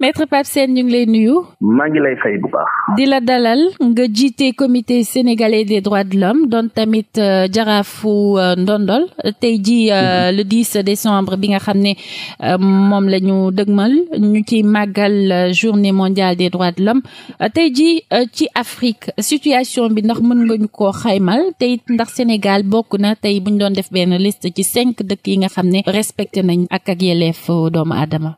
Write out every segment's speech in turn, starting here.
maître Pape Sène ñu ngi lay nuyu. maa ngi lay fay bu baax. di la dalal nga jiite comité sénégalais des droits de l'homme doon tamit euh, jaraafu euh, ndondol tey ji euh, mhm. le 10 décembre bi nga xam ne moom la ñu dëgmal ñu ci màggal journée mondiale des droits de l'homme tey jii ci Afrique situation bi ndax mën nga ñu koo xaymal tey ndax Sénégal bokk na tey bu ñu doon def benn list ci cinq dëkk yi nga xam ne respecté nañ ak ak yeleef doomu aadama.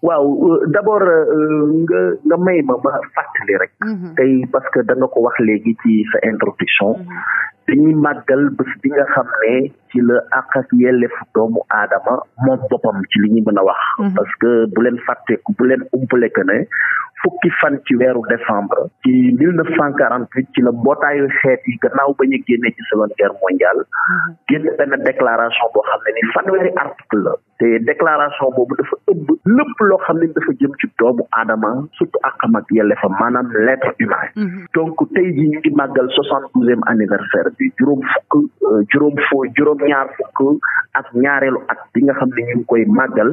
nga nga may ma ma fàttali rek. Mhm. tey parce que da nga ko wax léegi ci sa introduction. Mhm. dañuy màggal bés bi nga xam ne ci la àq ak yelleef doomu aadama moom boppam ci li ñu mën a wax. Mhm. parce que bu leen fàtte bu leen umpale que ne fukki fan ci weeru décembre. ci mille neuf cent quarante huit ci la mbootaayu xeet yi gannaaw ba ñu génnee ci seconde guerre mondiale. Mhm. génn benn déclaration boo xam la. te déclaration boobu dafa ëmb lépp loo xam ne dafa jëm ci doomu aadama surtout àqam ak yelleefam maanaam l'être humain. Mhm. donc tey jii ñu ngi màggal soixante douzième anniversaire bi euh, juróom fukk juróom ñaar fukk ak ñaareelu at bi nga xam ne ñu ngi koy màggal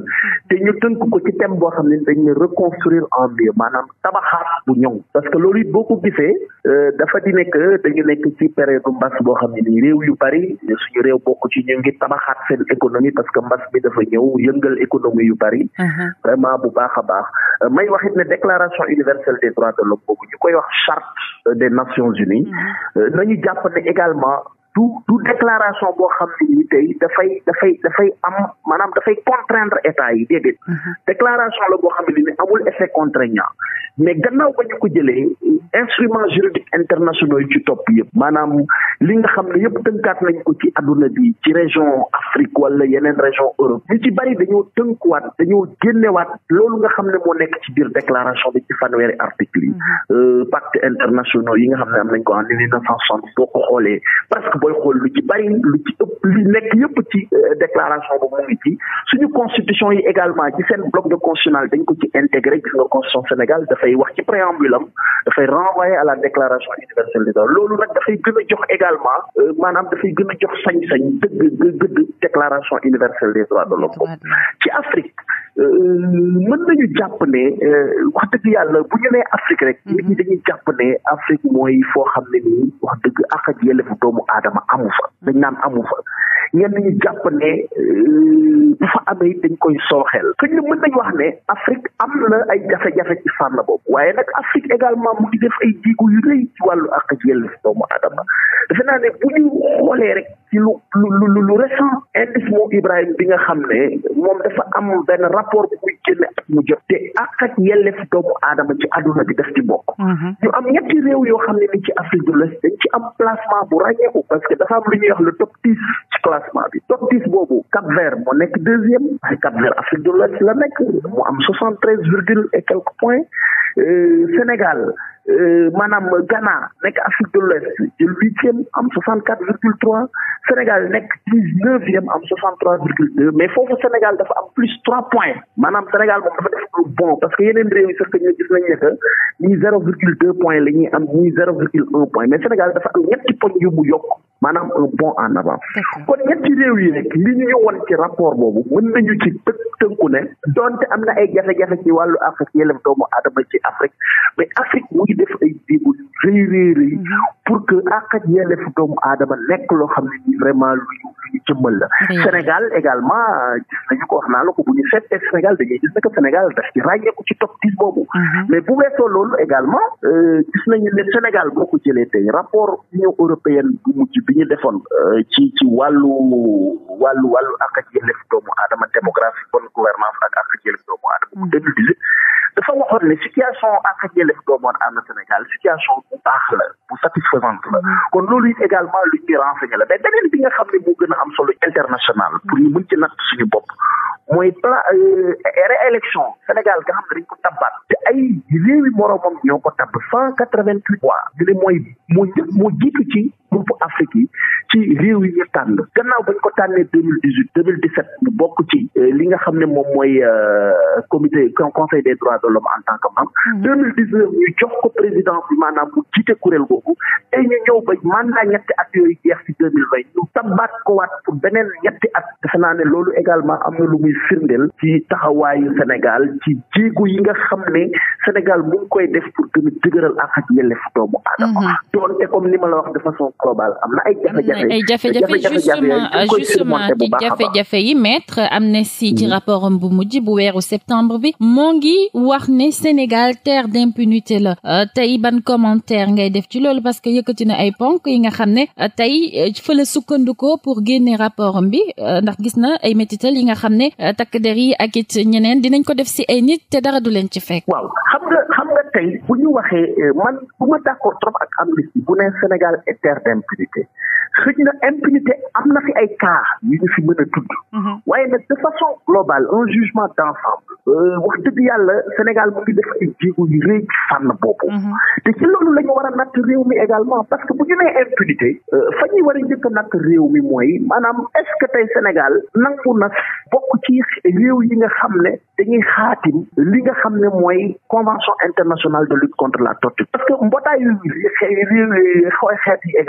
te ñu tënk ko ci thème boo xam ne dañ ne reconstruire en mieux maanaam tabaxaat bu ñoŋ parce que loolu it boo ko gisee euh, dafa di nekk dañu nekk ci période mbas boo xam ne nii réew yu bari suñu réew bokk ci ñu ngi tabaxaat seen économie parce que mbas bi dafa ñëw yëngal économie yu bari uh-huh. vraiment bu baax a baax euh, may waxit ne déclaration universelle des droits de l'homme boobu ñu koy wax charte euh, des nations du du déclaration boo xam ne nii tey dafay dafay dafay am maanaam dafay contraindre état yi déedéet mhm. déclaration la boo xam ne nii amul effet contraignant mais gannaaw ba ñu ko jëlee instrument juridique internationaux yi ci topp yëpp maanaam li nga xam ne yëpp tënkaat nañ ko ci adduna bi ci région Afrique wala yeneen région Europe ñu ci bari dañoo tënkuwaat dañoo génnewaat loolu nga xam ne moo nekk ci biir déclaration bi ci fanweeri article yi mm-hmm. euh, pacte internationaux yi nga xam ne am nañ ko en mille neuf cent soixante boo ko xoolee parce que booy xool lu ci bari lu ci ëpp li nekk yëpp ci euh, déclaration boobu mu ngi ci suñu constitution yi également ci seen bloc de dañ ko ci intégré gis dafay wax ci préambule am dafay renvoyer à la déclaration universelle des droits loolu nag dafay gën jox également euh, maanaam dafay gën a jox sañ-sañ dëgg gëdd déclaration universelle des droits de l'homme ci Afrique euh, mën nañu jàpp ne euh, wax dëgg yàlla bu ñu nee Afrique rek nit ñi mhm. dañuy jàpp ne Afrique mooy foo xam ne nii wax dëgg ak ak yellefu doomu aadama amu fa mhm. dañ naan amu fa ñenn ñi jàpp ne euh, bu fa amee dañ koy sooxeel xëy na mën nañ wax ne Afrique am na ay jafe-jafe ci fànn boobu waaye nag Afrique également mu ngi def ay jéego yu ci wàllu àq ak yelleef doomu aadama defe naa ne bu xoolee rek lu lu lu lu récent indice moo Ibrahima bi nga xam ne moom dafa am benn rapport bu muy génne at mu jot te àq ak yelleef doomu aadama ci àdduna bi def ci bokk ñu mhm. am ñetti réew yoo xam ne ni ci Afrique de l'Ouest ci am placement bu ràññeeku parce que dafa am lu ñuy wax le top dix ci classement bi top dix boobu Cap Vert moo nekk deuxième waaye Cap Vert Afrique de l'Ouest la nekk mu am soixante treize virgule et quelques points euh, Sénégal Euh, maanaam Ghana nekk Afrique de l'Ouest jël huitième am soixante quatre virgule trois Sénégal nekk dix neuvième am soixante trois virgule deux mais foofu Sénégal dafa am plus maanaam Sénégal moom dafa que yeneen réew yi sax la ñuy am ñii zéro virgule un point mais Sénégal dafa am ñetti poñ yu mu yokk maanaam un bond en avant kon ñetti réew yi rek li ñu ñëwoon ci rapport boobu mën nañu ci të tënku ne donte am na ay jafe-jafe ci wàllu Afrique yelef doomu aadama ci Afrique mais Afrique muy def ay jéego yu rëy rëy mhm. pour que àq ak yelleef doomu aadama nekk loo xam ne ni vraiment lu ñu lu la. Sénégal également gis nañu ko wax naa la ko bu ñu seetee Sénégal dañuy gis Sénégal daf ci ràññeeku ci top 10 boobu. Mhm. mais bu weesoo loolu également na euh, nañu ne Sénégal boo ko jëlee tey rapport Union européenne bu mujj bi ñu defoon. Euh, ci ci wàllu wàllu wàllu àq ak yelleef doomu aadama démographie bonne gouvernance ak àq ak yelleef doomu aadama bu mhm. dafa waxoon ne situation ak ak yelleef doomu aadama Sénégal situation bu baax la bu satisfaisante la mm-hmm. kon loolu it également lu ñuy renseigné la mais beneen bi nga xam ne moo gën a am solo international pour ñu mën ci natt suñu bopp mooy plan euh, élection Sénégal nga xam ne dañ ko tabbaat te ay réewi moroomam ñoo ko tabb cent quatre vingt huit mois ñu ne mooy moo njëkk moo jiitu ci groupe Afrique yi ci réew yi ñu tànn gannaaw bañ ko tànnee deux mille dix huit deux bokk ci euh, li nga xam ne moom mooy euh, comité conseil des droits de l'homme en tant que membre mmh. deux mille dix neuf ñu jox ko président bi maanaam mu jiite kuréel googu tey ñu ñëw ba mandat ñetti at yooyu jeex ci deux mille vingt ñu tabaat ko waat pour beneen ñetti at defe naa ne loolu également am na lu muy firndeel ci taxawaayu Sénégal ci jéego yi nga xam ne Sénégal mu koy def pour gën a dëgëral ak ak ay jafe-jafe justement jafe-jafe yi maître Amnesty ci rapport am bu mujj bu weeru septembre bi moo ngi wax ne Sénégal terre d'impunité la euh, tey ban commentaire ngay def ci loolu parce que yëkkati na ay ponk yi nga xam ne euh, tey euh, fële sukkandikoo pour génne rapport bi ndax gis na ay métital yi nga xam ne takk der yi ak it ñeneen dinañ ko def si ay nit te dara du leen ci fekk. waaw xam xëj na impunité am na fi ay cas yu ñu fi mën a tudd. waaye nag de façon globale un jugement d'ensemble. wax dëgg yàlla Sénégal mu ngi def ay jéego yu rëy ci fànn boobu. te ci loolu la ñu a natt réew mi également parce que bu ñu nee impunité. fa ñuy war a natt réew mi mooy maanaam est-ce que tey Sénégal nangu na bokk ci réew yi nga xam ne dañuy xaatim li nga xam ne mooy convention internationale de lutte contre la torture. parce que mbootaayu xeet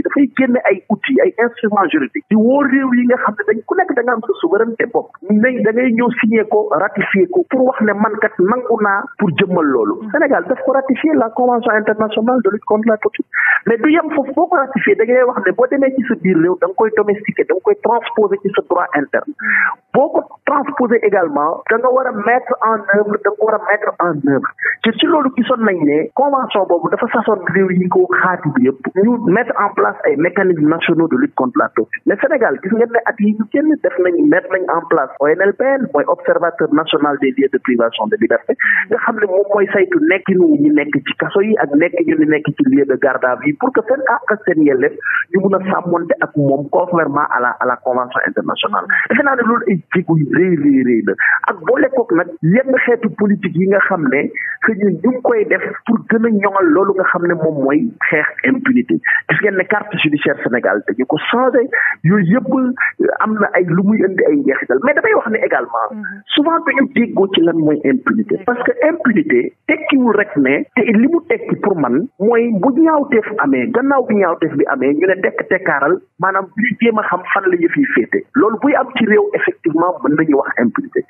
bi dafay génne ay outils ay instruments juridiques di woo réew yi nga xam ne dañ ku nekk da nga am sa souveraineté bopp nañ da ngay ñëw signé ko ratifié ko pour wax ne man kat nangu naa pour jëmmal loolu mm. Sénégal daf ko ratifié la convention internationale de lutte contre la torture mais du yem foofu boo ko ratifié da ngay wax ne boo demee ci sa biir réew da nga koy domestiqué da nga koy transposé ci sa droit interne mm. boo ko transposé également da nga a mettre en da a mettre en œuvre place ay mécanismes nationaux de lutte contre la Sénégal gis ngeen ne at yi ñu génn def nañ mettre nañ en place ONLPL mooy observateur national des lieux de privation de liberté nga xam ne moom mooy saytu nekkinu ñu nekk ci kaso yi ak nekk ñu nekk ci lieu de garde à vue pour que seen àq ak seen yelleef ñu mun a sàmmonte ak moom conformément à la à la convention internationale defe naa ne loolu ay jéego yu rëy la ak boole kook nag yenn xeetu politique a carte judiciaire Sénégal dañu ko changé yooyu yëpp euh, am na ay lu muy indi ay njeexital mais damay wax ne également mhm. souvent dañu déggoo ci lan mooy impunité mhm. parce que impunité tekkiwul rek ne te li mu tekki pour man mooy bu ñaawteef amee gannaaw bi ñaawteef bi amee ñu ne tekk tekkaaral maanaam ñu jéem a xam fan la yëf yi loolu buy am ci réew effectivement mën nañu wax impunité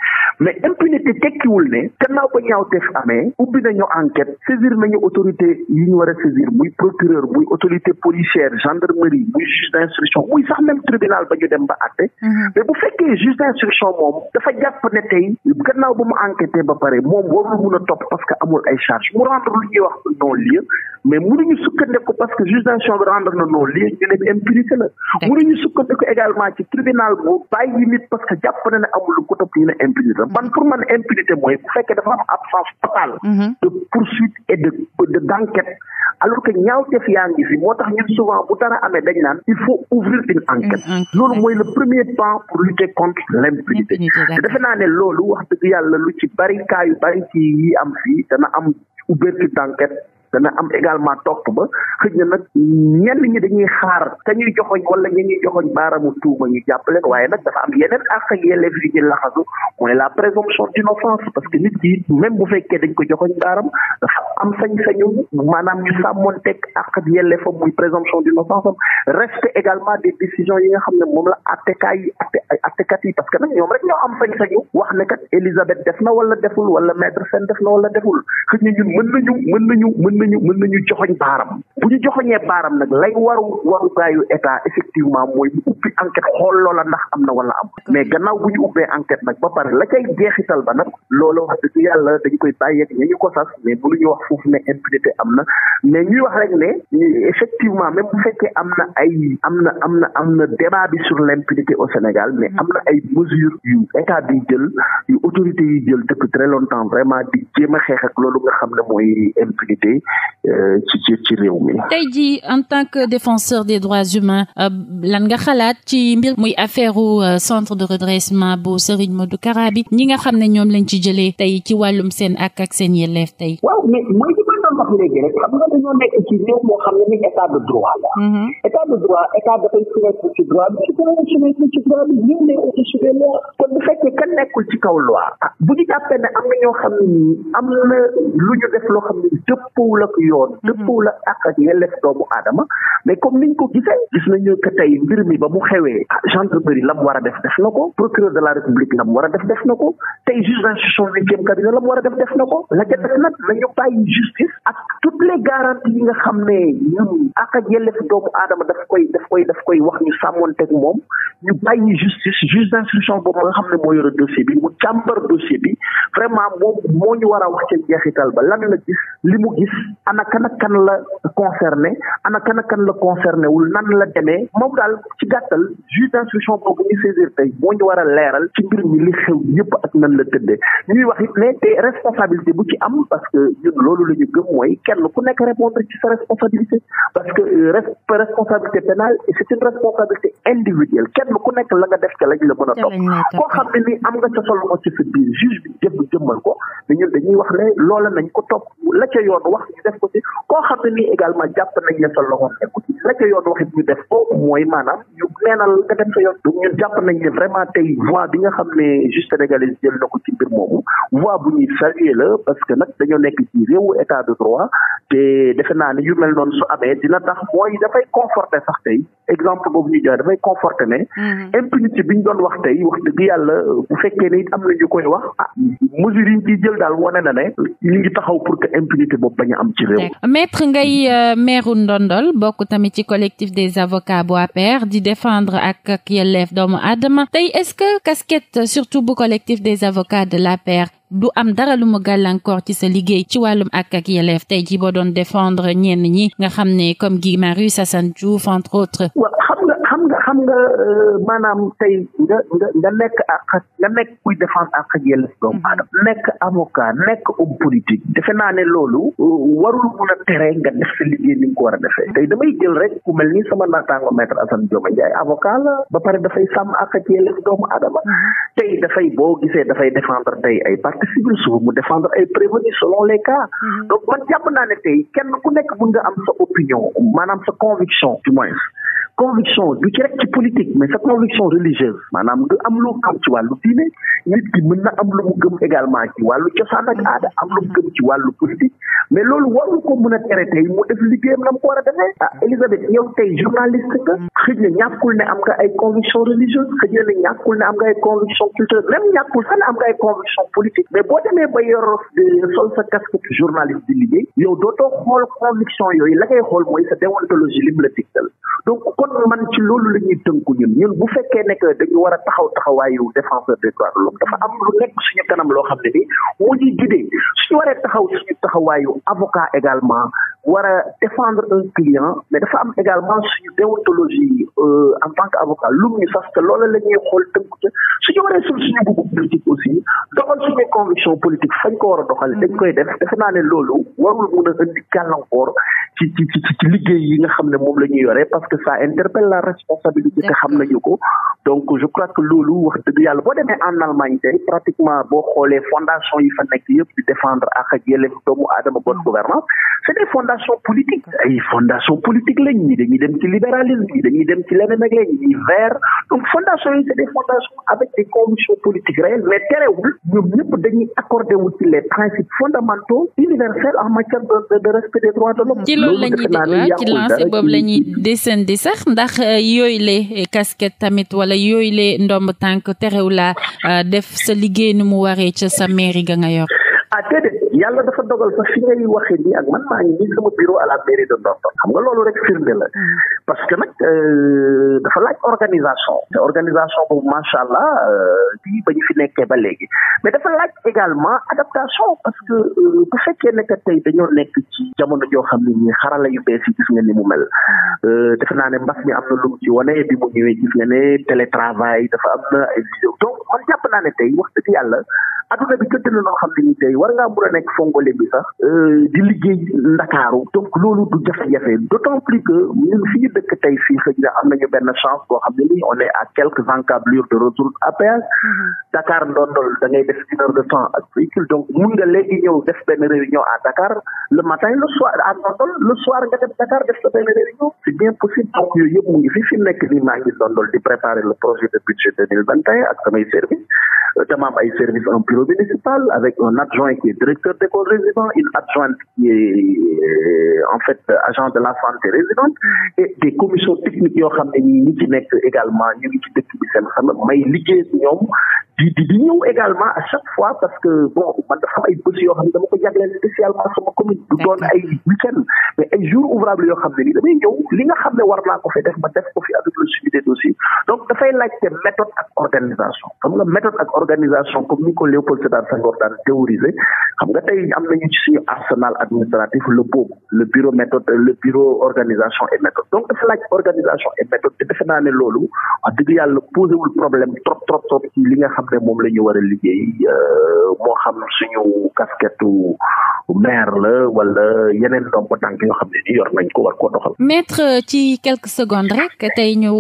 mais impunité tekkiwul ne gannaaw ba ñaawteef amee ubbi nañu enquête saisir nañu autorité yi ñu war a saisir muy procureur muy autorité policière gendarmerie muy juge d'instruction muy sax même tribunal ba ñu dem ba àtte. Mhm. mais bu fekkee juge d'instruction moom dafa jàpp ne tey gannaaw ba mu enquêté ba pare moom warul mun a topp parce que amul ay charge mu rendre lu ñuy wax non lieu mais mënuñu ko parce que juge d'instruction bi rendre na non lieu ñu ne impliqué la. mënuñu sukkandiku également ci tribunal bu bàyyi nit parce que jàpp na ne amul lu ko topp ñu ne impunité la man pour man impunité mooy alors que ñaawteef yaa ngi fi moo tax ñun souvent bu dara amee dañ naan il faut ouvrir une enquête mm, loolu mooy le premier pas pour lutter contre l'impunité te defe naa ne loolu wax dëgg yàlla lu ci bari kaa yu bari ci yi am fii dana am ouverture d'enquête dana am également topp ba xëj na nag ñenn ñi dañuy xaar ka ñuy joxoñ wala ñi ñuy la présomption d'innocence parce que dañ ko joxoñ baaram dafa am sañ-sañu maanaam ñu sàmmoon teg ak ak yelleefam muy présomption yi nga xam ne moom la attekaay yi attekat yi parce que nag ñoom rek ñoo am sañ-sañu wax ne kat def na wala deful wala maître Sène def na wala deful xëj na ñun mën nañu mën nañu nañu na nañu joxoñ baaram bu ñu joxoñee baaram nag lay waru warukaayu état effectivement mooy bu ubbi enquête xool loola ndax am na wala am mais gannaaw bu ñu ubbee enquête nag ba pare la cay jeexital ba nag loola wax dëgg yàlla dañ koy bàyyeeg ña ñu ko sas mais bu ñu wax foofu ne impunité am na mais ñuy wax rek ne effectivement même bu fekkee am na ay am na am na am na débat bi sur l'impunité au Sénégal mais am na ay mesures yu état bi jël yu autorités yu jël depuis très longtemps vraiment di jéem a xeex ak loolu nga xam ne mooy impunité Euh, ci ci ci réew mi. tey jii en tant que défenseur des droits humains euh, lan nga xalaat ci mbir muy affaire euh, centre de redressement bu Serigne Modou Kara bi ñi nga xam ne ñoom lañ ci jëlee tey ci wàllum seen ak ak seen yelleef tey. doon wax léegi rek xam nga dañoo nekk ci réew moo xam ne ni état de droit mm-hmm. état de droit état dafay soumettre ci ci droit kon bu kan nekkul ci kaw loi. bu ñu jàppee ñoo xam ne nii am na lu ñu def loo xam ne dëppoowul ak yoon. Mm-hmm. dëppoowul ak àq ak yelleef doomu aadama mais comme niñ ko gisee. gis nañu que tey mbir mi ba mu xewee ah, gendarmerie la mu war a def def na ko procureur de la république la mu war a def def na ko tey juge d'instruction huitième cabinet la mu war a def def na ko bàyyi justice ak toutes les garanties yi nga xam ne ñun ak ak yelleef doomu aadama daf koy daf koy daf koy wax ñu sàmmoonteeg moom ñu bàyyi justice juge d'instruction boobu nga xam ne moo yore dossier bi mu càmbar dossier bi vraiment moo ñu war a wax ca njeexital ba lan la gis li mu gis ana kan ak la concerné ana kan ak kan la concerné wul nan la demee moom daal ci gàttal juge boobu ñu saisir tey moo ñu war a leeral ci mbir mi li xew yëpp ak nan la tëddee ñuy wax ne te responsabilité bu ci am parce que ñun loolu la ñu gëm mooy kenn ku nekk répondre ci sa responsabilité parce que euh, responsabilité pénale c'est une responsabilité individuelle kenn ku nekk la nga def ca lañ la mën a topp koo xam ne ni am nga ca solo ko ci sa biir juge bi jëpp jëmmal ko dañu dañuy wax ne loola nañ ko topp la ca yoon wax ñu def ko ci koo xam ne nii également jàpp nañ ne sa loxo nekku la ca yoon wax ñu def ko mooy maanaam ñu neenal nga dem sa yoon donc ñun jàpp nañ ne vraiment tey voix bi nga de te defe naa ne yu mel noonu dina tax mooy dafay conforter sax tey exemple boobu ñu joxe dafay conforté ne. Ah. impunité bi doon wax tey yàlla bu fekkee ne it am na ñu koy wax ah mesures yi jël daal wane na ne ñu ngi taxaw pour que impunité boobu bañ am ci réew. maître Ngaye euh, maire Ndondol bokk tamit ci collectif des avocats bu APR di défendre ak ak yelleef doomu aadama tey est-ce que casquette surtout bu collectif des avocats de l'APR du am dara lu mu gàllankoor ci sa liggéey ci wàllum ak ak yelleef tey ji boo waaw xam nga xam nga xam nga euh, maanaam tey nga nga nekk ak nga nekk kuy défendre ak ak yelleef doomu mhm. aadama nekk avocat nekk homme politique defe naa ne loolu euh, warul mun a tere nga def sa liggéey ni nga ko war a defe tey damay jël rek ku mel ni sama naataango maître Assane Dioma Ndiaye avocat la ba pare dafay sàmm ak yelleef doomu aadama mhm. tey dafay boo gisee dafay défendre tey ay parti civil suba mu défendre ay prévenus selon les cas mhm. donc man jàpp naa ne tey kenn ku nekk mun nga am sa opinion maanaam sa conviction du moins conviction du ci rek ci politique mais sa conviction religieuse maanaam nga am loo xam ci wàllu diine nit ki mën na am lu mu gëm également ci wàllu cosaan ak aada am lu mu gëm ci wàllu politique mais loolu waru ko mën a tere tey mu def liggéeyam la mu ko war a defee ah Elisabeth yow tey journaliste nga xëj na ñàkkul ne am nga ay conviction religieuse xëj na ñàkkul ne am nga ay conviction culturelle même ñàkkul sax ne am nga ay conviction politique mais boo demee ba yor euh, sol sa casquette journaliste di yooyu la ngay xool mooy sa déontologie kon man ci loolu lañuy tënku ñun ñun bu fekkee ne que dañu war a taxaw taxawaayu défenseur des droits de l'homme dafa am lu nekk suñu kanam loo xam ne ni moo ñuy guidé suñu waree taxaw suñu taxawaayu avocat également war a défendre un client mais dafa am également suñu déontologie euh, en tant que avocat lum ñu sas te loola la ñuy xool tënku ca suñu waree sul suñu bëgg politique aussi doxal suñu conviction politique fañ ko war a doxal dañ koy def defe naa ne loolu warul mun a indi gàllankoor ci ci ci liggéey yi nga xam ne moom la ñuy yoree parce que ça interpelle la responsabilité te xam nañu ko donc je crois que loolu wax dëgg yàlla boo demee en Allemagne tey pratiquement boo xoolee fondation yi fa nekk yëpp di défendre ak aadama bonne gouvernance fondation politique ay fondation politique lañ ñi dañuy dem ci libéralisme ñi dañuy dem ci leneen ak leneen ñi vert donc fondation yi c'est des fondations avec des convictions politiques réelles mais terewul ñoom ñëpp dañuy accordé wu ci les principes fondamentaux universels en matière de de respect des droits de l'homme ci loolu waaw ah, ci lancé boobu la ñuy desandi sax ndax euh, yooyu le euh, casquette tamit wala yooyu le ndomb tànk terew la euh, def sa liggéey nu mu waree ca sa mairie ga nga yor ah déedéet yàlla dafa dogal fa fi ngay waxee nii ak man maa ngi sama bureau à la mairie de Ndondon xam nga loolu rek firnde la ah. parce que nag euh, dafa laaj organisation te organisation boobu macha allah di euh, ba ñu fi nekkee ba léegi mais dafa laaj également adaptation parce que euh, bu ne que tey dañoo nekk joo xam gis nga ni mu mel ah. defe naa ne mbas mi am na lu ci wane bi mu ñëwee gis nga ne télétravail dafa am na ay vidéo donc man jàpp naa ne tey wax dëgg yàlla adduna bi jot na loo xam ne nii tey war ngaa mën a nekk fongole bi sax euh, di liggéey ndakaaru donc loolu du jafe-jafe d'autant plus que ñun fii dëkk tey fii xëy na am nañu benn chance boo xam ne nii on est quelques encablures de retour à péage Dakar ndondol da ngay def une heure de temps ak véhicule donc mun nga léegi ñëw def benn réunion à Dakar le matin le soir à ndondol le soir nga def Dakar def sa benn réunion c'est bien possible yooyu yëpp mu ngi fi fi nekk nii maa ngi ndondol di préparer le projet de budget deux mille vingt directeur d'école résident, une adjointe qui euh, en fait agent de la santé résidente et des commissions techniques yoo xam ne ñi ci nekk également ñu ngi ci dëkk bi seen xam may liggéey si di di ñëw également a chaque fois parce que bon man dafa ay bés yoo xam ne damay ñëw li nga xam ne war ko fi def ma def ko fi avec le suivi des dossiers donc dafay laajte méthode méthode ak organisation comme ni ko Léopold Sédar Senghor daan théoriser xam nga tey am nañu ci suñu arsenal administratif le boobu le bureau méthode le bureau organisation et méthode donc dafa laaj organisation et méthode te defe naa ne loolu wax dëgg yàlla posé problème trop trop trop moom la ñu war liggéey euh, moo xam suñu casquette maire la wala yeneen ndombo tànk yoo xam ne ni yor nañ ko war ko doxal. maître ci quelques secondes rek tey ñu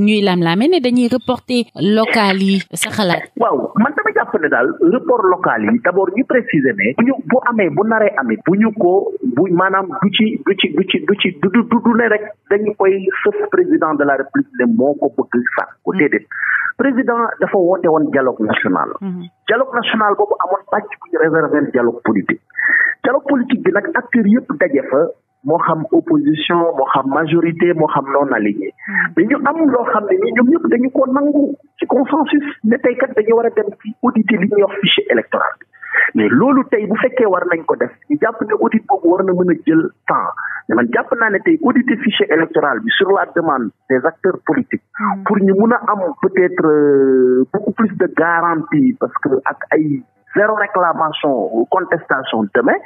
ñuy lam-laame ne dañuy reporter local yi sa waaw man dama jàpp ne daal report local yi d' abord ñu préciser ne. bu ñu bu amee bu naree amit bu ñu ko bu maanaam du ci du ci du ci du ci du du ne rek dañu koy sëf président de la république ne moo ko bëgg sax ko mm. déedéet. président dafa woote woon dialogue national. Mhm. dialogue national boobu amoon pàcc bu ñu réserver dialogue politique. dialogue politique bi nag acteurs yëpp daje fa moo xam opposition moo xam majorité moo xam non aligné mhm. mais ñu am loo xam ne nii ñoom ñëpp dañu ko nangu ci consensus ne tey kat dañu war a dem ci auditer li ñuy wax électoral mais loolu tey bu fekkee war nañ ko def ñu jàpp ne audit boobu war na mën a jël temps. mais man jàpp naa ne tey auditer fichier électoral bi sur la demande des acteurs politiques hmm. pour ñu mun a am peut-être euh, beaucoup plus de garantie parce que ak ay zéro réclamation ou contestation demain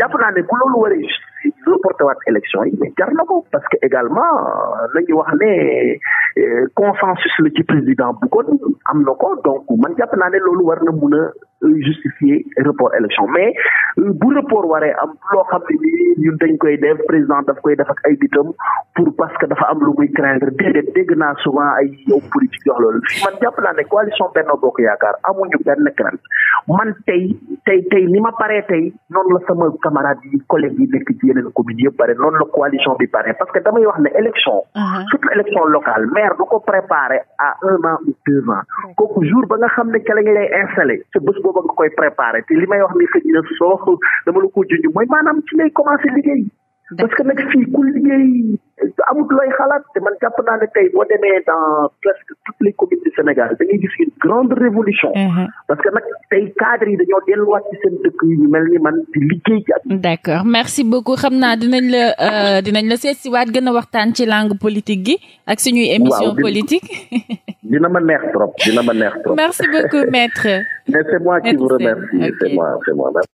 jàpp naa ne bu loolu waree justifier reporté élection yi mais jar na ko parce que également euh, nañu wax ne euh, consensus la ci président bu kon am na ko donc man jàpp naa ne loolu war na mun a justifier report élection mais euh, bu report waree am loo xam ne nii ñun dañ koy def président daf koy def ay nitam pour parce que dafa am lu muy craindre déedéet dégg naa souvent ay yow politique yoo loolu man tey tey tey ni ma paree tey noonu la sama camarades yi collègues yi nekk ci yeneen communes yëpp pare noonu la coalition bi pare parce que damay wax ne élection uh-huh. surtout élection locale maire du ko préparer à un an deux ans kooku jour ba nga xam booba nga koy préparé te li may wax ni sëñ na soox dama la ko junj mooy maanaam ci lay commencé liggéey parce que nag fii ku liggéey amut looy xalaat te man jàpp naa ne tey boo demee dans presque toutes les communes du Sénégal gis une grande révolution mhm. parce que nag tey cadres yi dañoo delluwaat ci seen dëkk yu ñu mel ni man di liggéey ci d'accord merci beaucoup xam naa dinañ la euh, dinañ la seet si waat gën a waxtaan ci langue politique gi ak suñuy émission politique dina ma neex trop dina ma neex trop merci beaucoup maître mais c'est moi qui